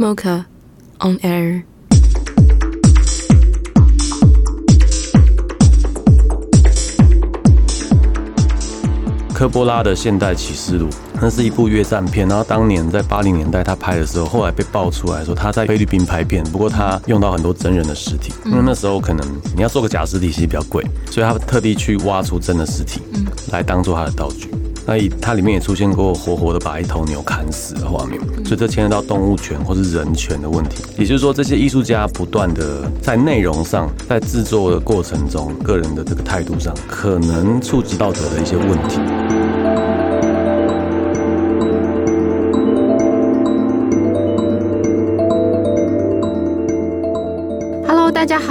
Mocha on air。科波拉的《現代啟示錄》，那是一部越戰片。然後當年在八零年代他拍的時候，後來被爆出來說他在菲律賓拍片，不過他用到很多真人的屍體，因為那時候可能你要做個假屍體其實比較貴，所以他特地去挖出真的屍體，嗯，來當做他的道具。那它裡面也出現過活活的把一頭牛砍死的畫面，所以這牽涉到動物權或是人權的問題。也就是說，這些藝術家不斷的在內容上，在制作的過程中，個人的這個態度上，可能觸及到的一些問題。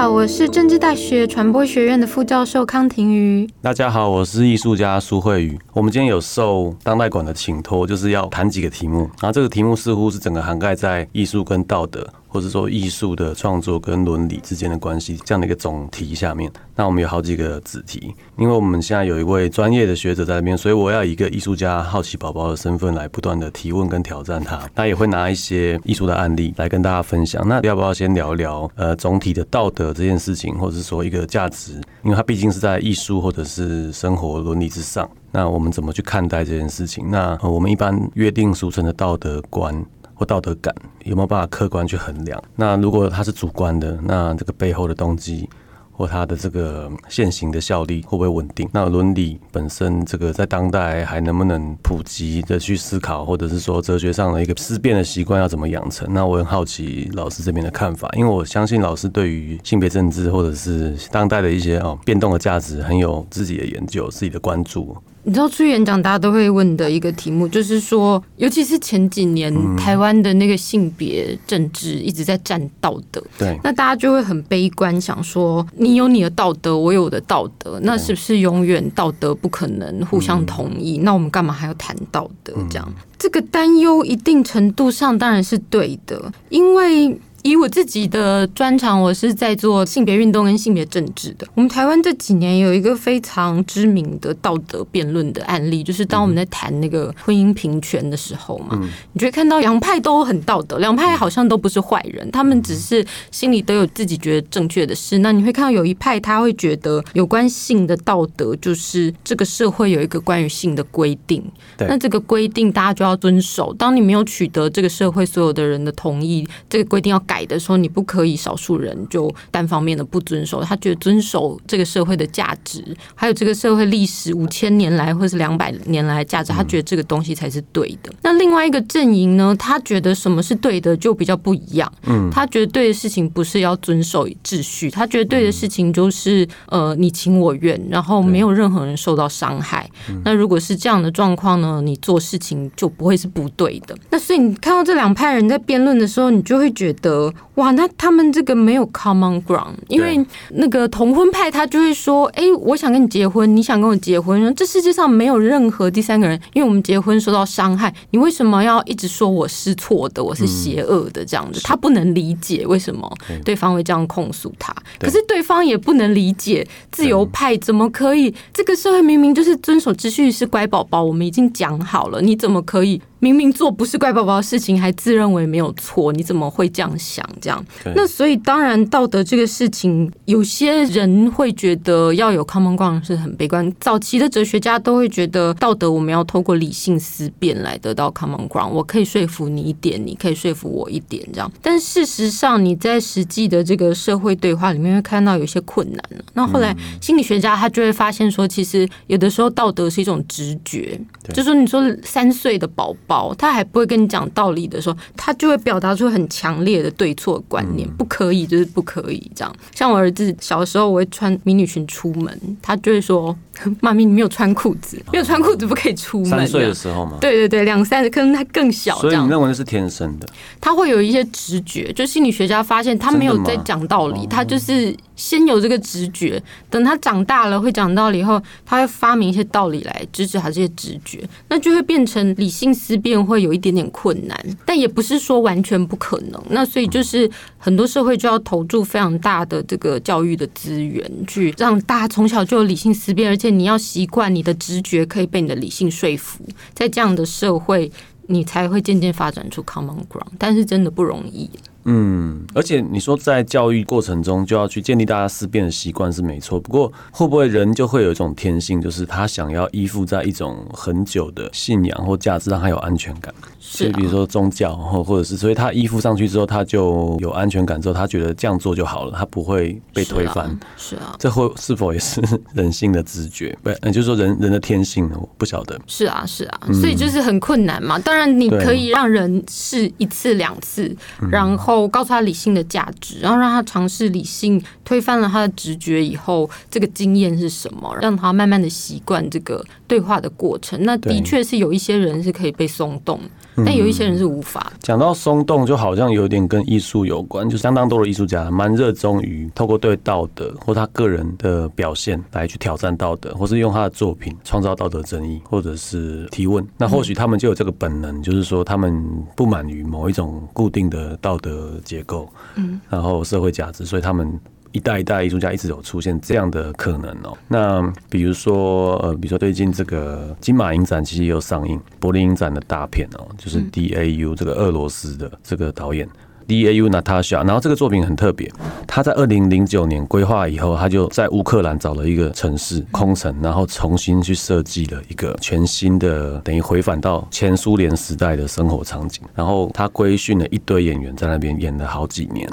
我是政治大學傳播學院的副教授康庭瑜。大家好，我是藝術家蘇匯宇。我們今天有受當代館的請托，就是要談幾個題目。然後這個題目似乎是整個涵蓋在藝術跟道德。或者說藝術的創作跟倫理之間的關係，這樣的一個總題下面，那我們有好幾個子題。因為我們現在有一位專業的學者在那邊，所以我要以一個藝術家好奇寶寶的身份來不斷的提問跟挑戰他。他也會拿一些藝術的案例來跟大家分享。那要不要先聊一聊呃總體的道德這件事情，或者是說一個價值？因為它畢竟是在藝術或者是生活倫理之上。那我們怎麼去看待這件事情？那我們一般約定俗成的道德觀，或道德感有沒有辦法客觀去衡量？那如果它是主觀的，那這個背後的動機或它的這個現行的效力會不會穩定？那倫理本身這個在當代還能不能普及的去思考，或者是說哲學上的一個思辨的習慣要怎麼養成？那我很好奇老師這邊的看法，因為我相信老師對於性別政治或者是當代的一些啊變動的價值，很有自己的研究，自己的關注。你知道，出去演講大家都會問的一個題目，就是說，尤其是前幾年、嗯、台灣的那個性別政治一直在戰道德，對，那大家就會很悲觀，想說你有你的道德，我有我的道德，那是不是永遠道德不可能互相同意？嗯、那我們幹嘛還要談道德？這樣，嗯、這個擔憂一定程度上當然是對的，因為。以我自己的專長，我是在做性別運動跟性別政治的。我們台灣這幾年有一個非常知名的道德辯論的案例，就是當我們在談那個婚姻平權的時候嘛，你就會看到兩派都很道德，兩派好像都不是壞人，他們只是心裡都有自己覺得正確的事。那你會看到有一派他會覺得，有關性的道德就是這個社會有一個關於性的規定，那這個規定大家就要遵守。當你沒有取得這個社會所有的人的同意，這個規定要改。改的時候你不可以，少數人就單方面的不遵守。他覺得遵守這個社會的價值，還有這個社會歷史五千年來或是兩百年來的價值，他覺得這個東西才是對的。嗯、那另外一個陣營呢，他覺得什麼是對的就比較不一樣。嗯，他覺得對的事情不是要遵守秩序，他覺得對的事情就是呃你情我願，然後沒有任何人受到傷害。嗯、那如果是這樣的狀況呢，你做事情就不會是不對的。那所以你看到這兩派人在辯論的時候，你就會覺得。哇，那他們這個沒有 common ground，因為那個同婚派，他就會說，哎、欸，我想跟你結婚，你想跟我結婚，這世界上沒有任何第三個人，因為我們結婚受到傷害，你為什麼要一直說我是錯的，我是邪惡的這樣子？嗯、他不能理解為什麼對方會這樣控訴他，嗯、可是對方也不能理解自由派怎麼可以，嗯、這個社會明明就是遵守秩序，是乖寶寶，我們已經講好了，你怎麼可以？明明做不是乖寶寶的事情，還自認為沒有錯，你怎麼會這樣想？這樣，對那所以當然道德這個事情，有些人會覺得要有 common ground 是很悲觀。早期的哲學家都會覺得道德我們要透過理性思辨來得到 common ground，我可以說服你一點，你可以說服我一點，這樣。但事實上你在實際的這個社會對話裡面會看到有些困難了、啊。那後，後來心理學家他就會發現說，其實有的時候道德是一種直覺，對就說你說三歲的寶寶。包，他還不會跟你講道理的時候，他就會表達出很強烈的對錯觀念，不可以就是不可以這樣。像我兒子小時候，我會穿迷你裙出門，他就會說：“媽咪，你沒有穿褲子，沒有穿褲子不可以出門。”三歲的時候嗎？對對對，兩三歲，可能他更小這樣。所以你認為是天生的？他會有一些直覺，就是、心理學家發現他沒有在講道理，他就是先有這個直覺，等他長大了會講道理以後，他會發明一些道理來支持他這些直覺，那就會變成理性思。便會有一點點困難，但也不是說完全不可能。那所以就是很多社會就要投注非常大的這個教育的資源，去讓大家從小就有理性思辨，而且你要習慣你的直覺可以被你的理性說服，在這樣的社會，你才會漸漸發展出 common ground，但是真的不容易。嗯，而且你說在教育過程中就要去建立大家思辨的習慣是沒錯，不過會不會人就會有一種天性，就是他想要依附在一種很久的信仰或價值，讓他有安全感。所以、啊、比如說宗教，或或者是，所以他依附上去之後，他就有安全感，之後他覺得這樣做就好了，他不會被推翻。是啊，是啊，這會是否也是人性的直覺？不對，嗯、哎，就是說人人的天性，我不曉得。是啊，是啊，所以就是很困難嘛。嗯、當然，你可以讓人試一次兩次，對然後。我告訴他理性的價值，然後讓他嘗試理性推翻了他的直覺以後，這個經驗是什麼？讓他慢慢的習慣這個對話的過程。那的確是有一些人是可以被鬆動。但有一些人是無法、嗯、講到鬆動，就好像有點跟藝術有關，就相當多的藝術家蠻熱衷於透過對道德或他個人的表現來去挑戰道德，或是用他的作品創造道德爭議，或者是提問。那或許他們就有這個本能，嗯、就是說他們不滿於某一種固定的道德結構，嗯，然後社會價值，所以他們。一代一代藝術家一直有出現這樣的可能哦。那比如說，呃，比如說最近這個金馬影展其實也有上映柏林影展的大片哦，就是 D A U 這個俄羅斯的這個導演 D A U Natasha，然後這個作品很特別，他在二零零九年規劃以後，他就在烏克蘭找了一個城市空城，然後重新去設計了一個全新的，等於回返到前蘇聯時代的生活場景，然後他規訓了一堆演員在那邊演了好幾年。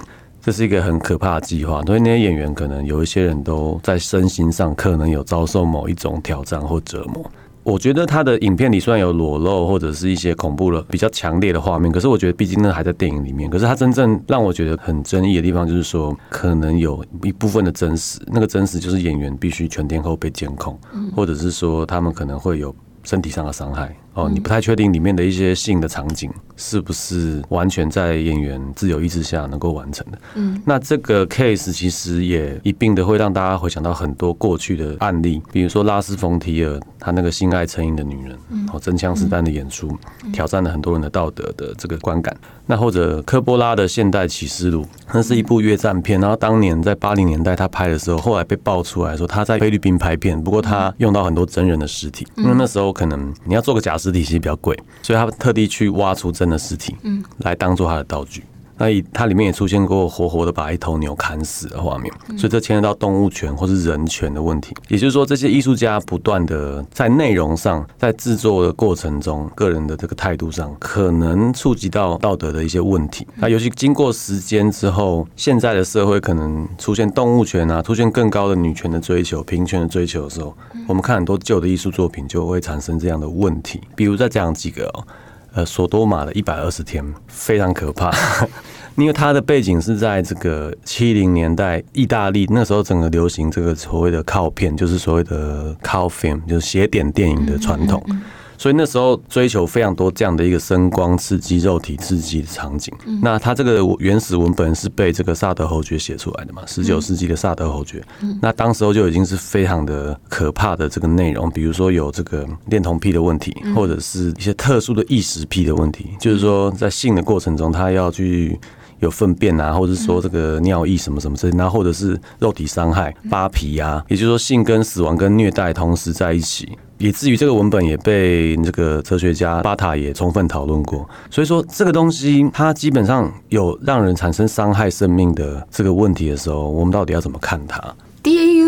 這是一個很可怕的計劃，因為那些演員可能有一些人都在身心上可能有遭受某一種挑戰或折磨。我覺得他的影片裡雖然有裸露或者是一些恐怖了比較強烈的畫面，可是我覺得畢竟那還在電影裡面。可是他真正讓我覺得很爭議的地方就是說，可能有一部分的真實，那個真實就是演員必須全天候被監控，或者是說他們可能會有身體上的傷害。哦，你不太確定裡面的一些性的場景是不是完全在演員自由意志下能夠完成的？嗯，那這個 case 其實也一併的會讓大家回想到很多過去的案例，比如說拉斯馮提爾他那個性愛成癮的女人，哦，真槍實彈的演出，挑戰了很多人的道德的這個觀感。那或者柯波拉的《現代啟示錄》，那是一部越戰片，然後當年在八零年代他拍的時候，後來被爆出來說他在菲律賓拍片，不過他用到很多真人的屍體，因為那時候可能你要做個假設。屍體其實比較貴，所以他特地去挖出真的屍體，嗯，嗯，來當做他的道具。那以它裡面也出現過活活的把一頭牛砍死的畫面，所以這牽涉到動物權或是人權的問題。也就是說，這些藝術家不斷的在內容上，在制作的過程中，個人的這個態度上，可能觸及到道德的一些問題。那尤其經過時間之後，現在的社會可能出現動物權啊，出現更高的女權的追求、平權的追求的時候，我們看很多舊的藝術作品就會產生這樣的問題。比如再講幾個喔。呃，索多瑪的一百二十天非常可怕， 因為它的背景是在這個七零年代意大利，那時候整個流行這個所謂的靠片，就是所謂的靠 film，就是邪典電影的傳統。嗯嗯嗯嗯。所以那時候追求非常多這樣的一個聲光刺激、肉體刺激的場景。那他這個原始文本是被這個薩德侯爵寫出來的嘛？十九世紀的薩德侯爵，那當時候就已經是非常的可怕的這個內容。比如說有這個戀童癖的問題，或者是一些特殊的異食癖的問題，就是說在性的過程中，他要去有糞便啊，或者是說這個尿液什麼什麼之類，然後或者是肉體傷害、扒皮啊，也就是說性跟死亡跟虐待同時在一起。以至於這個文本也被這個哲學家巴塔也充分討論過。所以說，這個東西它基本上有讓人產生傷害生命的這個問題的時候，我們到底要怎麼看它？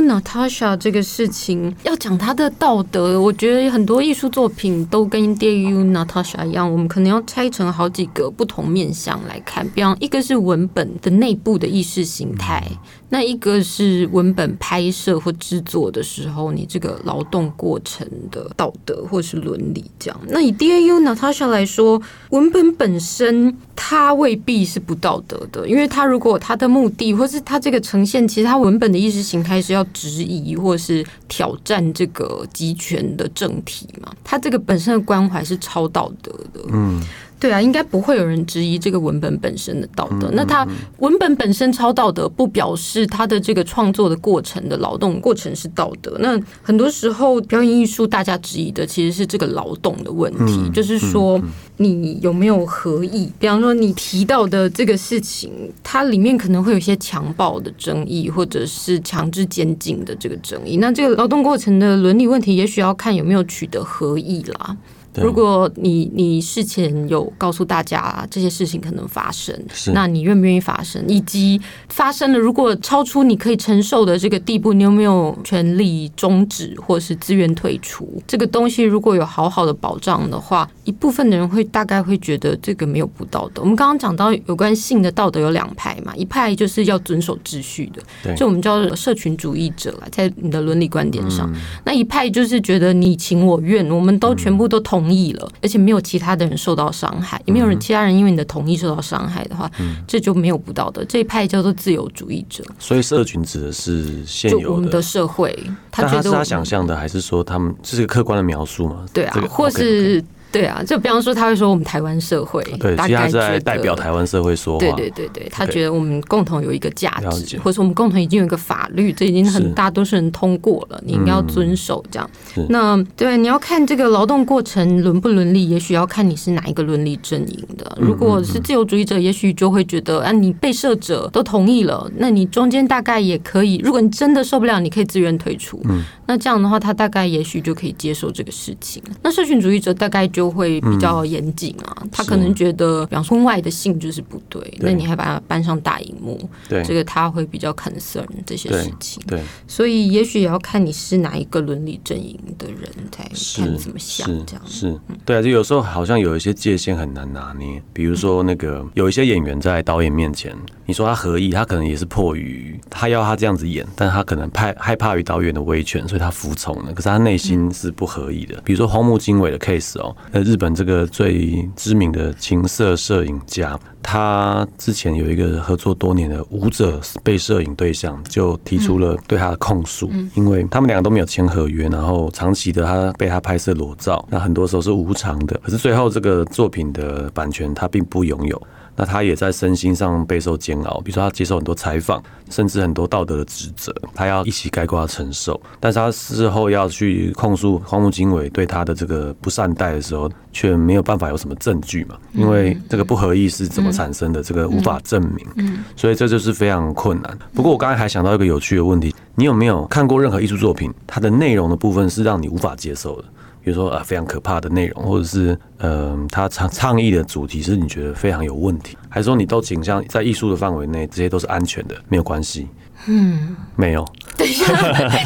Natasha 這個事情要講他的道德，我覺得很多藝術作品都跟《DAU Natasha》一樣，我們可能要拆成好幾個不同面向來看。比方，一個是文本的內部的意識形態，那一個是文本拍攝或製作的時候，你這個勞動過程的道德或是倫理這樣。那以《DAU Natasha》來說，文本本身它未必是不道德的，因為它如果它的目的或是它這個呈現，其實它文本的意識形態是要。質疑或是挑戰這個集權的政體嘛，他這個本身的關懷是超道德的。嗯。對啊，應該不會有人質疑這個文本本身的道德。嗯、那它文本本身超道德，不表示它的這個創作的過程的勞動過程是道德。那很多時候表演藝術大家質疑的其實是這個勞動的問題，嗯、就是說你有沒有合意。比方說你提到的這個事情，它裡面可能會有一些強暴的爭議，或者是強制監禁的這個爭議。那這個勞動過程的倫理問題，也許要看有沒有取得合意啦。如果你你事前有告訴大家、啊、這些事情可能發生，是那你願不願意發生？以及發生了，如果超出你可以承受的這個地步，你有沒有權利終止或是自願退出？這個東西如果有好好的保障的話，嗯、一部分的人會大概會覺得這個沒有不道德。我們剛剛講到有關性的道德有兩派嘛，一派就是要遵守秩序的，就對我們叫做社群主義者啦，在你的倫理觀點上，嗯、那一派就是覺得你情我願，我們都全部都統。同意了，而且沒有其他的人受到傷害，也沒有人其他人因為你的同意受到傷害的話，嗯、這就沒有不道德。這一派叫做自由主義者，所以社群指的是現有的，我們的社會。那他，他是他想象的，還是說他們這是個客觀的描述嗎？對啊，這個、okay, okay. 或是。對啊，就比方說，他會說我們台灣社會，對，他是在代表台灣社會說話。對對對，他覺得我們共同有一個價值，或者說我們共同已經有一個法律，這已經很大多數人通過了，你應該要遵守。這樣。那對你要看這個勞動過程倫不倫理，也許要看你是哪一個倫理陣營的。如果是自由主義者，也許就會覺得啊，你被攝者都同意了，那你中間大概也可以。如果你真的受不了，你可以自願退出。那這樣的話，他大概也許就可以接受這個事情。那社群主義者大概就。會比較嚴謹啊，嗯、他可能覺得，是比方說婚外的性就是不對，對那你還把它搬上大熒幕，對這個他會比較 concern 這些事情，對，對所以也許也要看你是哪一個倫理陣營的人，才看你怎麼想，這樣是,是,是對啊。就有時候好像有一些界限很難拿捏，比如說那個、嗯、有一些演員在導演面前，你說他合意，他可能也是迫於他要他這樣子演，但他可能怕害怕於導演的威權，所以他服從了，可是他內心是不合意的。嗯、比如說荒木經惟的 case 哦。那日本這個最知名的情色攝影家，他之前有一個合作多年的舞者被攝影對象，就提出了對他的控訴，因為他們兩個都沒有簽合約，然後長期的他被他拍攝裸照，那很多時候是無償的，可是最後這個作品的版權他並不擁有。那他也在身心上備受煎熬，比如說他接受很多採訪，甚至很多道德的指責，他要一起概括承受。但是他事後要去控訴荒木經惟對他的這個不善待的時候，卻沒有辦法有什麼證據嘛？因為這個不合意是怎麼產生的，這個無法證明。嗯，所以這就是非常困難。不過我剛才還想到一個有趣的問題，你有沒有看過任何藝術作品，它的內容的部分是讓你無法接受的？比如說啊，非常可怕的內容，或者是嗯、呃，他倡倡議的主題是你覺得非常有問題，還是說你都傾向在藝術的範圍內，這些都是安全的，沒有關係？嗯，沒有。等一下，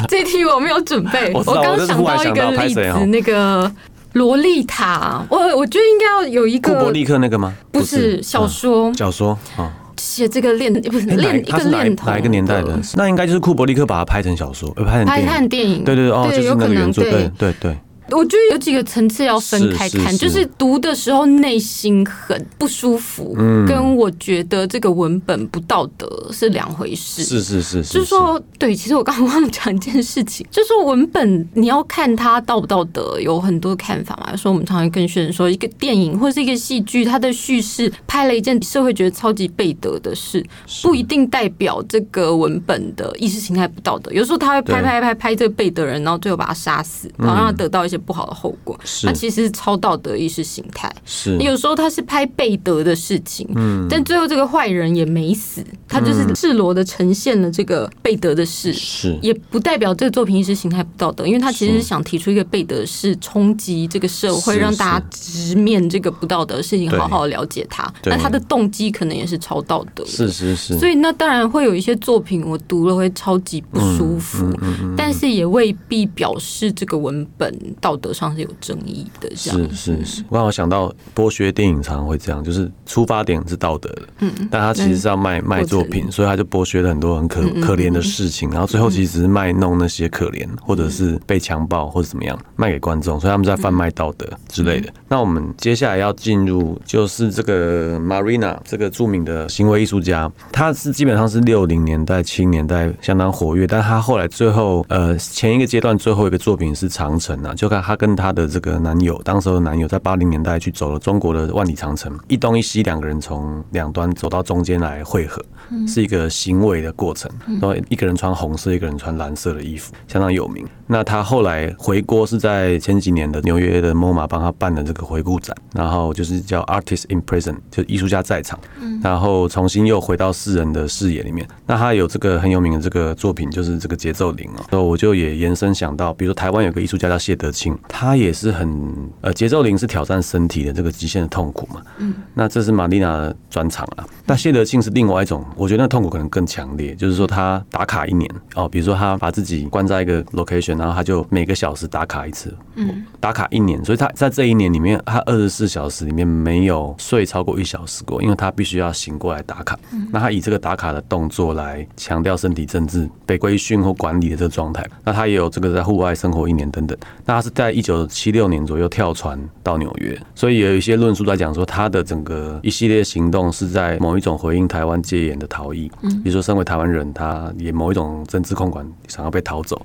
這題我沒有準備。 我剛道想到一個例子，那個《蘿莉塔》我。我我覺得應該要有一個庫伯利克那個嗎？不是小說。嗯、小說啊。寫、嗯、這個戀不是一個戀他是哪，哪一個年代的？對嗎那應該就是庫伯利克把它拍成小說，拍成電影。拍成電影。電影對對對，對哦，就是那個原著，對，對對對。我覺得有幾個層次要分開看，是是是就是讀的時候內心很不舒服，嗯、跟我覺得這個文本不道德是兩回事。是是是，是，是就是說，對，其實我剛剛忘了講一件事情，就是說文本你要看它道不道德，有很多看法嘛。說我們常常跟學生說，一個電影或是一個戲劇，它的敘事拍了一件社會覺得超級背德的事，不一定代表這個文本的意識形態不道德。有時候他會拍拍拍拍這個背德人，然後最後把他殺死，然後讓他得到一些，不好的後果，他其實是超道德意識形態。是有時候他是拍背德的事情，但最後這個壞人也沒死，他就是赤裸的呈現了這個背德的事，是也不代表這個作品意識形態不道德，因為他其實是想提出一個背德的事衝擊這個社會，讓大家直面這個不道德的事情，好好了解他。那他的動機可能也是超道德，是是是。所以那當然會有一些作品我讀了會超級不舒服，但是也未必表示這個文本道德上是有爭議的，是是是。我剛好我想到，剝削電影常常會這樣，就是出發點是道德的，嗯，但他其實是要賣賣作品，所以他就剝削了很多很可可憐的事情，然後最後其實是賣弄那些可憐，或者是被強暴或者怎麼樣賣給觀眾，所以他們在販賣道德之類的。那我們接下來要進入就是這個 Marina 這個著名的行為藝術家，他是基本上是六零年代七年代相當活躍，但他後來最後呃前一個階段最後一個作品是長城啊，就。她跟她的這個男友，當時的男友在八零年代去走了中國的萬里長城，一東一西兩個人從兩端走到中間來匯合，是一個行為的過程。然後一個人穿紅色，一個人穿藍色的衣服，相當有名。那他後來回國是在前幾年的紐約的 MoMA 幫他辦的這個回顧展，然後就是叫 Artist is Present，就藝術家在場，然後重新又回到世人的視野裡面。那他有這個很有名的這個作品就是這個節奏零哦，那我就也延伸想到，比如說台灣有個藝術家叫謝德慶，他也是很呃，節奏零是挑戰身體的這個極限的痛苦嘛，嗯，那這是瑪麗娜的專場啊。那謝德慶是另外一種，我覺得那個痛苦可能更強烈，就是說他打卡一年哦、喔，比如說他把自己關在一個 location。然後他就每個小時打卡一次，嗯，打卡一年，所以他在這一年裡面，他二十四小時裡面沒有睡超過一小時過，因為他必須要醒過來打卡。那他以這個打卡的動作來強調身體政治被規訓或管理的這個狀態。那他也有這個在戶外生活一年等等。那他是在一九七六年左右跳船到紐約，所以有一些論述在講說他的整個一系列行動是在某一種回應台灣戒嚴的逃逸。比如說身為台灣人，他也某一種政治控管想要被逃走。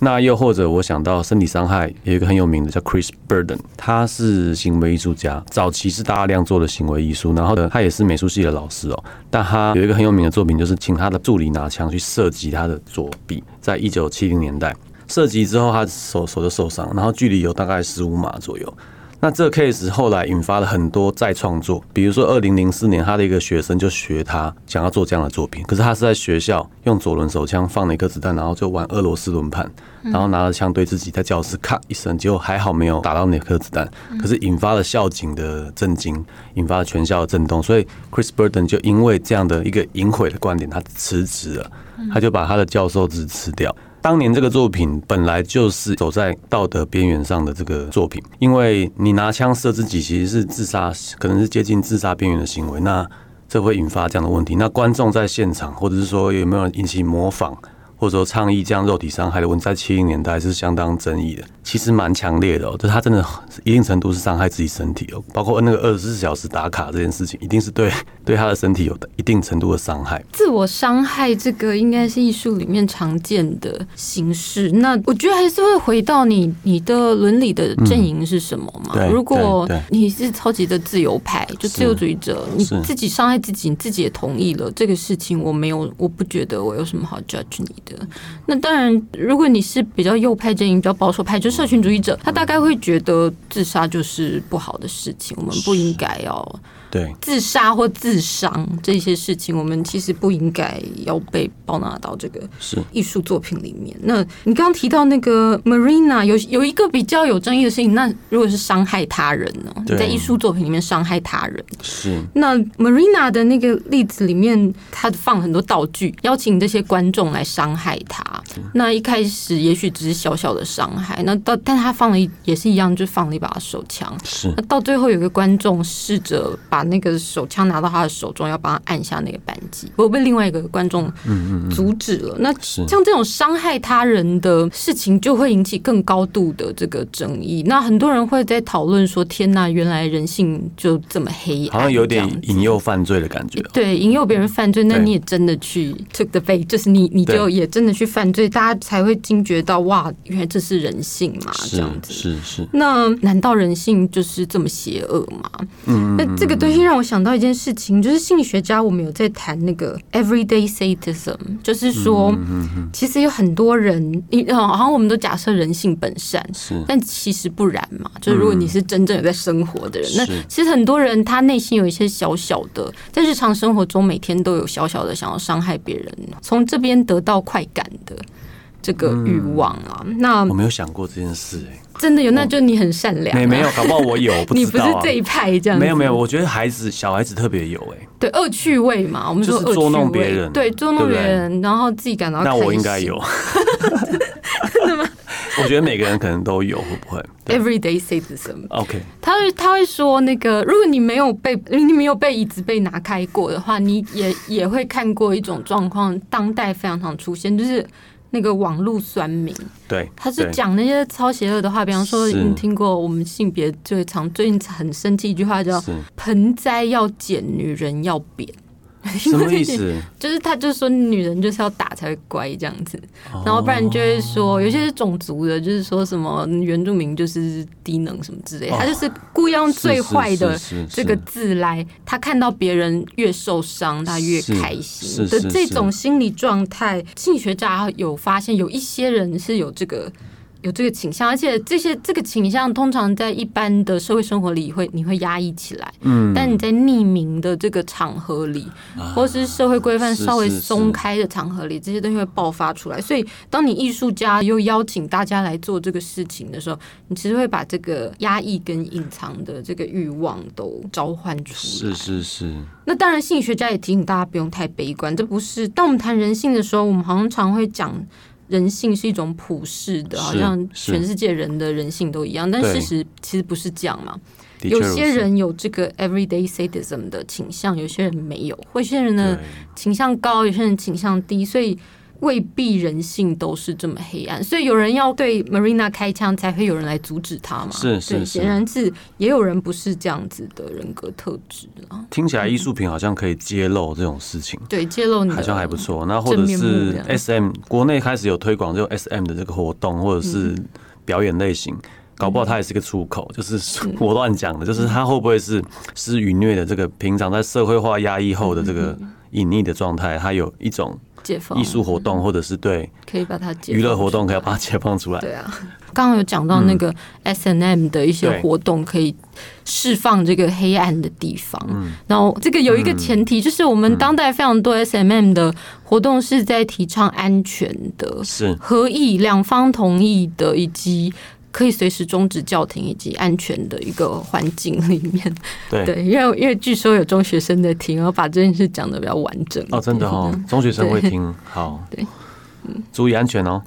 那又或者，我想到身體傷害有一個很有名的叫 Chris Burden，他是行為藝術家，早期是大量做的行為藝術，然後呢，他也是美術系的老師哦。但他有一個很有名的作品，就是請他的助理拿槍去射擊他的左臂，在一九七零年代射擊之後，他手手就受傷，然後距離有大概十五碼左右。那這個 case 後來引發了很多再創作，比如說二零零四年他的一個學生就學他想要做這樣的作品，可是他是在學校用左輪手槍放了一顆子彈，然後就玩俄羅斯輪盤，然後拿着槍對自己在教室咔一聲，結果還好沒有打到那顆子彈，可是引發了校警的震驚，引發了全校的震動，所以 Chris Burden 就因為這樣的一個淫穢的觀點，他辭職了，他就把他的教授職辭掉。當年這個作品本來就是走在道德邊緣上的這個作品，因為你拿槍射自己其實是自殺，可能是接近自殺邊緣的行為，那這會引發這樣的問題。那觀眾在現場，或者是說有沒有引起模仿？或者說倡議這樣肉體傷害的，我在七零年代是相當爭議的，其實蠻強烈的喔。就他真的一定程度是傷害自己身體哦，包括那個二十四小時打卡這件事情，一定是對對他的身體有一定程度的傷害。自我傷害這個應該是藝術裡面常見的形式。那我覺得還是會回到你你的倫理的陣營是什麼嘛？嗯，如果你是超級的自由派，就自由主義者，是你自己傷害自己，你自己也同意了這個事情，我沒有，我不覺得我有什麼好 judge 你。那當然，如果你是比較右派陣營，比較保守派，就是社群主義者，他大概會覺得自殺就是不好的事情，我們不應該要。對自殺或自傷這些事情，我們其實不應該要被包納到這個是藝術作品裡面。是那你剛剛提到那個 Marina，有有一個比較有爭議的事情，那如果是傷害他人呢？對在藝術作品裡面傷害他人是？那 Marina 的那個例子裡面，他放很多道具，邀請這些觀眾來傷害他。是那一開始也許只是小小的傷害，那到但他放了也是一樣，就放了一把手槍。是，那到最後有個觀眾試着把。把那個手槍拿到他的手中，要幫他按下那個扳機，我被另外一個觀眾嗯嗯阻止了。那像這種傷害他人的事情，就會引起更高度的這個爭議。那很多人會在討論說：“天哪，原來人性就這麼黑，好像有點引誘犯罪的感覺。”對，引誘別人犯罪，那你也真的去 took the bait，就是你，你就也真的去犯罪，大家才會驚覺到：“哇，原來這是人性嘛，這樣子。”是是。那難道人性就是這麼邪惡嗎？嗯，那這個對。最近讓我想到一件事情，就是心理學家我們有在談那個 everyday sadism，就是說，嗯、哼哼其實有很多人，好像我們都假設人性本善，是但其實不然嘛。就是如果你是真正有在生活的人，嗯、那其實很多人他內心有一些小小的，在日常生活中每天都有小小的想要傷害別人，從這邊得到快感的，這個慾望啊，嗯、那我沒有想過這件事哎、欸，真的有，那就你很善良、啊。沒有沒有，搞不好我有，我不知道，啊、 你不是這一派這樣子，沒有沒有，我覺得孩子小孩子特別有哎、欸。對惡趣味嘛，我們說就捉弄別人、人，對捉弄別人，然後自己感到那我應該有， 真的嗎？ 我覺得每個人可能都有，會不會？Everyday sadism？OK，他會他會說那個，如果你沒有被你沒有被椅子被拿開過的話，你也也會看過一種狀況，當代非常常出現，就是。那個網路酸民，對，他是講那些超邪惡的話，對比方說，你有沒有聽過我們性別最常是最近很生氣一句話叫“是盆栽要剪，女人要扁”。因為 就是他就是說，女人就是要打才會乖這樣子，然後不然就會說，有些是種族的，就是說什麼原住民就是低能什麼之類，他就是故意用最壞的這個字來，他看到別人越受傷，他越開心的這種心理狀態，心理學家有發現有一些人是有這個。有這個傾向，而且這些這個傾向通常在一般的社會生活裡會你會壓抑起來，嗯，但你在匿名的這個場合裡，啊、或是社會規範稍微鬆開的場合裡，是是是這些東西會爆發出來。所以，當你藝術家又邀請大家來做這個事情的時候，你其實會把這個壓抑跟隱藏的這個慾望都召喚出來。是是是。那當然，心理學家也提醒大家不用太悲觀，這不是。當我們談人性的時候，我們常常會講。人性是一種普世的，是好像全世界人的人性都一樣，是但事實其實不是這樣嘛。有些人有這個 everyday sadism 的傾向，有些人沒有，或有些人呢對傾向高，有些人傾向低，所以。未必人性都是這麼黑暗，所以有人要對 Marina 開槍，才會有人來阻止他嘛。是是是，顯然是也有人不是這樣子的人格特質啊。聽起來藝術品好像可以揭露這種事情，嗯、對揭露你好像還不錯。那或者是 SM 國內開始有推廣這種 SM 的這個活動，或者是表演類型，搞不好它也是一個出口。嗯、就是我亂講的，就是它會不會是是施虐的這個平常在社會化壓抑後的這個隱匿的狀態，嗯、它有一種。解放藝術活動，或者是對，可以把它解娛樂活動，可以把它解放出來。對啊、嗯，剛剛 有講到那個 S&M 的一些活動，可以釋放這個黑暗的地方。嗯、然後這個有一個前提，嗯、就是我們當代非常多 S&M 的活動是在提倡安全的，是合意兩方同意的，以及。可以隨時終止叫停，以及安全的一個環境裡面。對，對，因為因為據說有中學生在聽，然後把這件事講得比較完整哦，真的哦，對中學生會聽，對好，對，嗯、注意安全哦，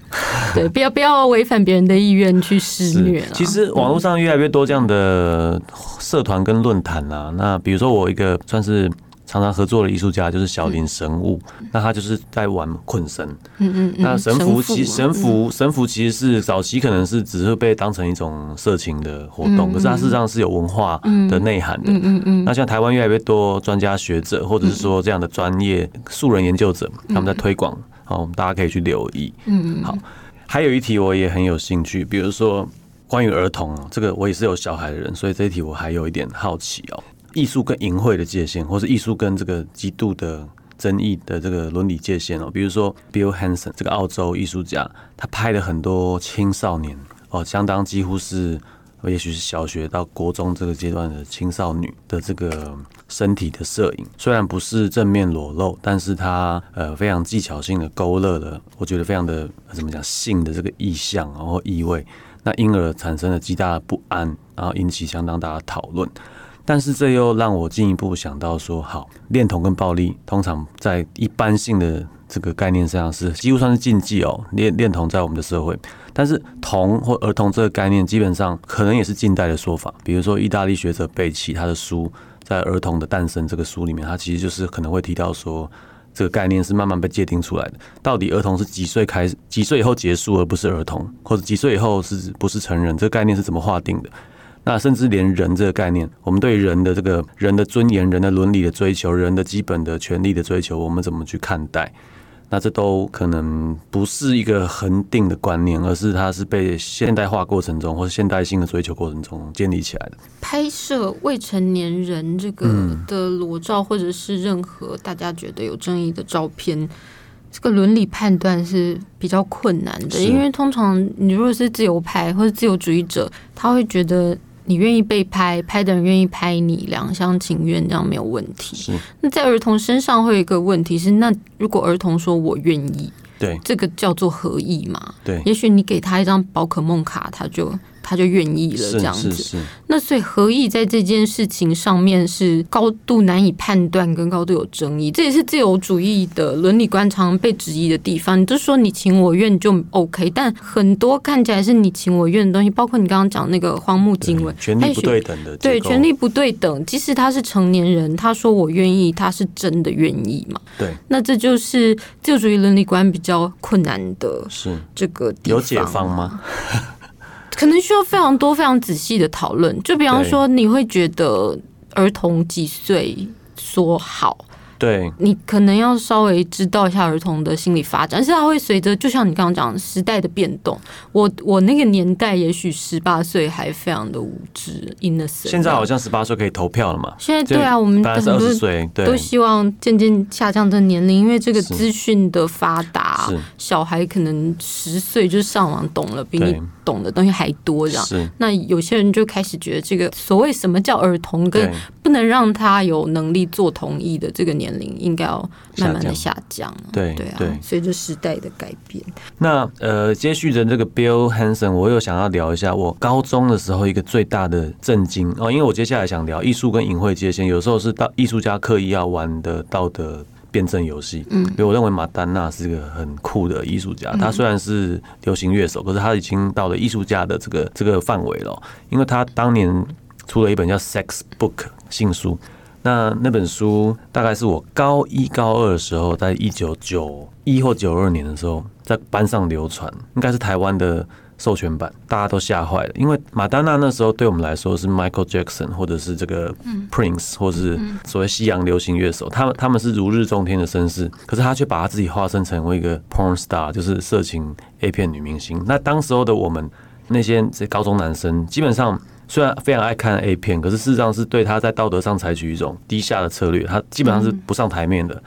對，不要不要違反別人的意願去施虐了，其實網絡上越來越多這樣的社團跟論壇啊，對那比如說我一個算是。常常合作的藝術家就是小林繩霧，嗯、那他就是在玩綑繩，嗯。嗯嗯。那繩縛其繩縛繩縛其實是早期可能是只是被當成一種色情的活動，嗯、可是它事實上是有文化的內涵的。嗯嗯。嗯嗯嗯那像台灣越來越多專家學者或者是說這樣的專業素人研究者，他們在推廣，好、嗯，我們、哦、大家可以去留意。嗯嗯。好，還有一題我也很有興趣，比如說關於兒童，這個我也是有小孩的人，所以這一題我還有一點好奇哦。藝術跟淫穢的界限，或是藝術跟這個極度的爭議的這個倫理界限哦、喔，比如說 Bill Henson 這個澳洲藝術家，他拍了很多青少年哦、喔，相當幾乎是，也許是小學到國中這個階段的青少女的這個身體的攝影，雖然不是正面裸露，但是他呃非常技巧性的勾勒了，我覺得非常的、呃、怎麼講性的這個意象喔、然後意味，那因而產生了極大的不安，然後引起相當大的討論。但是這又讓我進一步想到說，好戀童跟暴力通常在一般性的這個概念上是幾乎算是禁忌哦。戀戀童在我們的社會，但是童或兒童這個概念基本上可能也是近代的說法。比如說，意大利學者貝奇他的書在《兒童的誕生》這個書裡面，他其實就是可能會提到說，這個概念是慢慢被界定出來的。到底兒童是幾歲開始，幾歲以後結束，而不是兒童，或者幾歲以後是不是成人？這個概念是怎麼劃定的？那甚至連人這個概念，我們對人的這個人的尊嚴、人的倫理的追求、人的基本的權利的追求，我們怎麼去看待？那這都可能不是一個恆定的觀念，而是它是被現代化過程中或現代性的追求過程中建立起來的。拍攝未成年人這個的裸照，嗯、或者是任何大家覺得有爭議的照片，這個倫理判斷是比較困難的，是因為通常你如果是自由派或者自由主義者，他會覺得。你願意被拍，拍的人願意拍你，兩廂情願，這樣沒有問題。是那在兒童身上會有一個問題是，那如果兒童說我願意，對，這個叫做合意嘛。對，也許你給他一張寶可夢卡，他就。他就願意了，這樣子。那所以合意在這件事情上面是高度難以判斷跟高度有爭議，這也是自由主義的倫理觀常，常被質疑的地方。你就說你情我願就 OK，但很多看起來是你情我願的東西，包括你剛剛講那個荒木經惟，權、嗯、力不對等的，對，權力不對等。即使他是成年人，他說我願意，他是真的願意嘛？對。那這就是自由主義倫理觀比較困難的，是這個地方是有解放嗎？ 可能需要非常多，非常仔細的討論。就比方說，你會覺得兒童幾歲說好。對，你可能要稍微知道一下兒童的心理發展，但是他會隨着，就像你剛剛講的時代的變動。我我那個年代也許十八歲還非常的無知，innocent。現在好像十八歲可以投票了嘛？現在就對啊，我們很多都希望漸漸下降的年齡，對因為這個資訊的發達，是小孩可能十歲就上網懂了，對比你懂的東西還多。這樣，是那有些人就開始覺得這個所謂什麼叫兒童跟。不能讓他有能力做同意的這個年齡，應該要慢慢的下降。下降對對啊，隨着對時代的改變。那呃，接續的這個 Bill Henson，我又想要聊一下我高中的時候一個最大的震驚哦，因為我接下來想聊藝術跟淫穢界限，有時候是到藝術家刻意要玩的道德辯證遊戲。嗯，比如我認為瑪丹娜是一個很酷的藝術家，她、嗯、雖然是流行樂手，可是他已經到了藝術家的這個這個範圍了、哦，因為他當年。出了一本叫《Sex Book》性書，那那本書大概是我高一高二的時候，在一九九一或九二年的時候，在班上流傳，應該是台灣的授權版，大家都嚇壞了。因為馬丹娜那時候對我們來說是 Michael Jackson 或者是這個 Prince，或者是所謂西洋流行樂手，他們他們是如日中天的聲勢，可是他卻把他自己化身成為一個 Porn Star，就是色情 A 片女明星。那當時候的我們那些高中男生，基本上。雖然非常愛看 A 片，可是事實上是對他在道德上採取一種低下的策略，他基本上是不上台面的，嗯、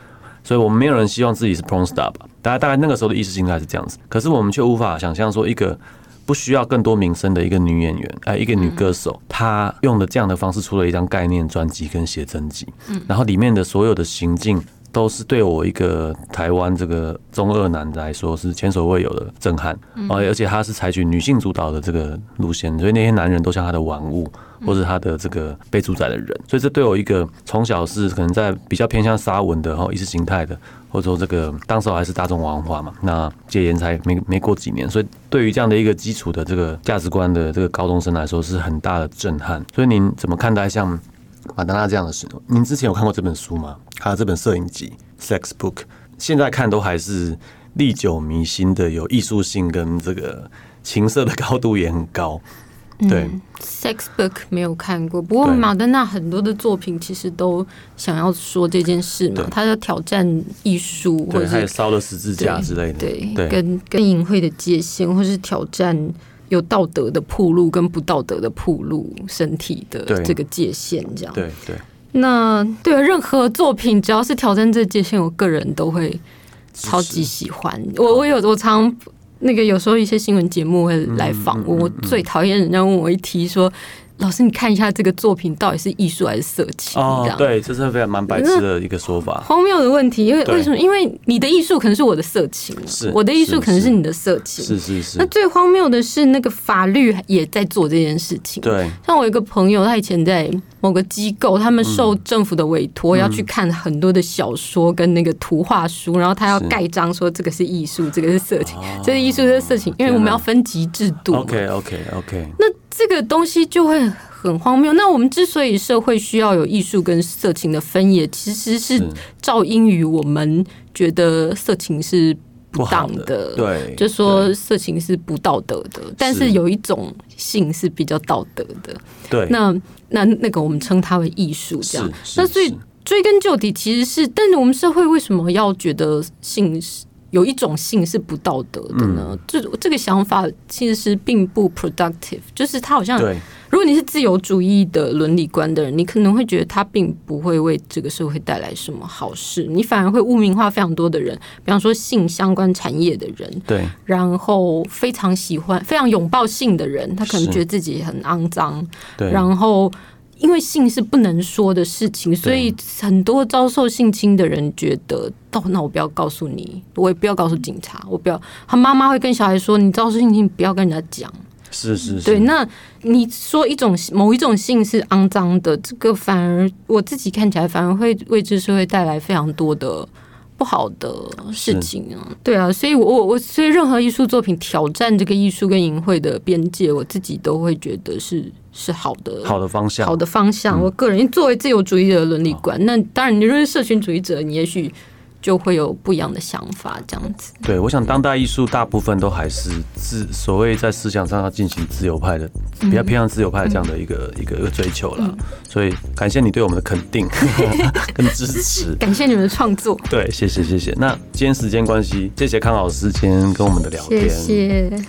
所以我們沒有人希望自己是 porn star 吧？大家大概那個時候的意思應該是這樣子，可是我們卻無法想象說一個不需要更多名聲的一個女演員，哎、一個女歌手，嗯、她用的這樣的方式出了一張概念專輯跟寫真集，然後裡面的所有的行徑。都是對我一個台灣這個中二男來說是前所未有的震撼而而且他是採取女性主導的這個路線，所以那些男人都像他的玩物，或者他的這個被主宰的人。所以這對我一個從小是可能在比較偏向沙文的意識形態的，或者說這個當時還是大眾文化嘛，那戒嚴才沒沒過幾年，所以對於這樣的一個基礎的這個價值觀的這個高中生來說是很大的震撼。所以您怎麼看待像？馬丹娜這樣的事，您之前有看過這本書嗎？還有這本攝影集《Sex Book》，現在看都還是歷久彌新的，有藝術性跟這個情色的高度也很高。對，嗯《Sex Book》沒有看過，不過馬丹娜很多的作品其實都想要說這件事嘛，他要對挑戰藝術，或者是燒了十字架之類的，對，對對跟跟淫穢的界限，或是挑戰。有道德的曝露跟不道德的曝露，身體的這個界限這樣。對對。對對那對任何作品，只要是挑戰這界限，我個人都會超級喜歡。是是我我有我常,常那個有時候一些新聞節目會來訪問，嗯嗯嗯嗯、我最討厭人家問我一題說。老師，你看一下這個作品到底是藝術還是色情？對，這是非常蠻白痴的一個說法。荒謬的問題，因為為什麼？因為你的藝術可能是我的色情，是我的藝術可能是你的色情。是是是。那最荒謬的是，那個法律也在做這件事情。對，像我一個朋友，他以前在某個機構，他們受政府的委託要去看很多的小說跟那個圖畫書，然後他要蓋章說這個是藝術，這個是色情，這是藝術，這是色情，因為我們要分級制度。OK OK OK。那。這個東西就會很荒謬。那我們之所以社會需要有藝術跟色情的分野，其實是肇因於我們覺得色情是不當的，的對，就說色情是不道德的。但是有一種性是比較道德的，對是。那那那個我們稱它為藝術，這樣。那所以追根究底，其實是，但是我們社會為什麼要覺得性是？有一種性是不道德的呢？嗯、這這個想法其實並不 productive，就是他好像，對 如果你是自由主義的倫理觀的人，你可能會覺得他並不會為這個社會帶來什麼好事，你反而會汙名化非常多的人，比方說性相關產業的人，對，然後非常喜歡非常擁抱性的人，他可能覺得自己很骯髒，對，是 然後。因為性是不能說的事情，所以很多遭受性侵的人覺得，對哦，那我不要告訴你，我也不要告訴警察，我不要。他媽媽會跟小孩說，你遭受性侵，不要跟人家講。是是是，對。那你說一種某一種性是骯髒的，這個反而我自己看起來反而會為這個社會帶來非常多的好的事情啊，是對啊，所以，我我我，所以任何藝術作品挑戰這個藝術跟淫穢的邊界，我自己都會覺得是是好的，好的方向，好的方向。嗯、我個人，因為作為自由主義者的倫理觀，嗯、那當然，你認為社群主義者，你也許。就會有不一樣的想法，這樣子。對，我想當代藝術大部分都還是自所謂在思想上要進行自由派的，比較偏向自由派的這樣的一個一個、嗯、一個追求啦。嗯、所以感謝你對我們的肯定 跟支持， 感謝你們的創作。對，謝謝謝謝。那今天時間關係，謝謝康老師今天跟我們的聊天。謝謝。